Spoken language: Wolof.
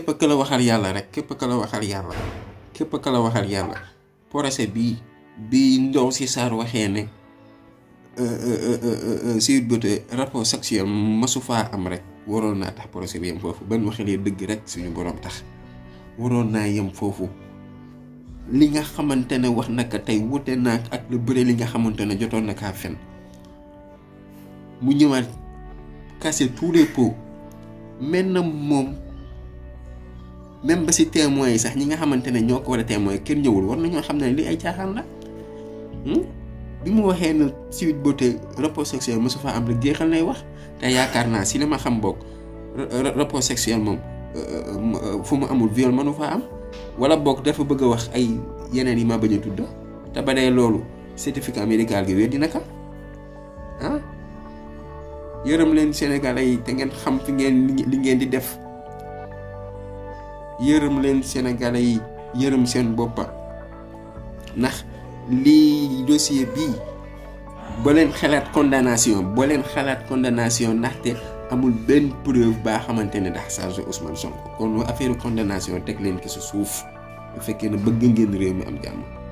képp ku la waxal yàlla rek képp ku la waxal yàlla képp ku la waxal yàlla procès bi bi ndaw si Sarr waxee ne euh, euh, euh, Sweet Beauté rapport sexuel masu faa am rek waroon naa tax procès bi yem foofu ban waxalee dëgg rek suñu boroom tax waroon naa yem foofu li nga xamante ne wax naka tey wute naa ak lu bëre li nga xamante ne jotoon na fen mu ñëwaat casser tous les pots maintenant moom. même ba si témoins yi sax ñi nga xamante ne ñoo ko war a témoin kenn ñëwul war nañoo xam ne li ay caaxaan la hmm? bi mu waxee na suite beauté rapport mosu fa am rek jeexal nay wax te yaakaar naa si li xam boog rapport sexuel moom euh, euh, euh, fu mu amul viol mënu fa am wala boog dafa bëgg a wax ay yeneen yi ma bañ a tudd te ba dee loolu certificat médical gi wér dina ko ah yërëm leen Sénégal ay te ngeen xam fi ngeen li ngeen di def. yërëm leen sénégalais yi yërëm seen boppa ndax lii dossier bii ba leen xalaat condamnation baleen leen xalaat condamnation ndaxte amul benn preuve baa xamante ne dax chargé Ousmane Sonko kon affaire condamnation teg leen ki su suuf bu fekkee ne bëgg ngeen réew mi am jàmm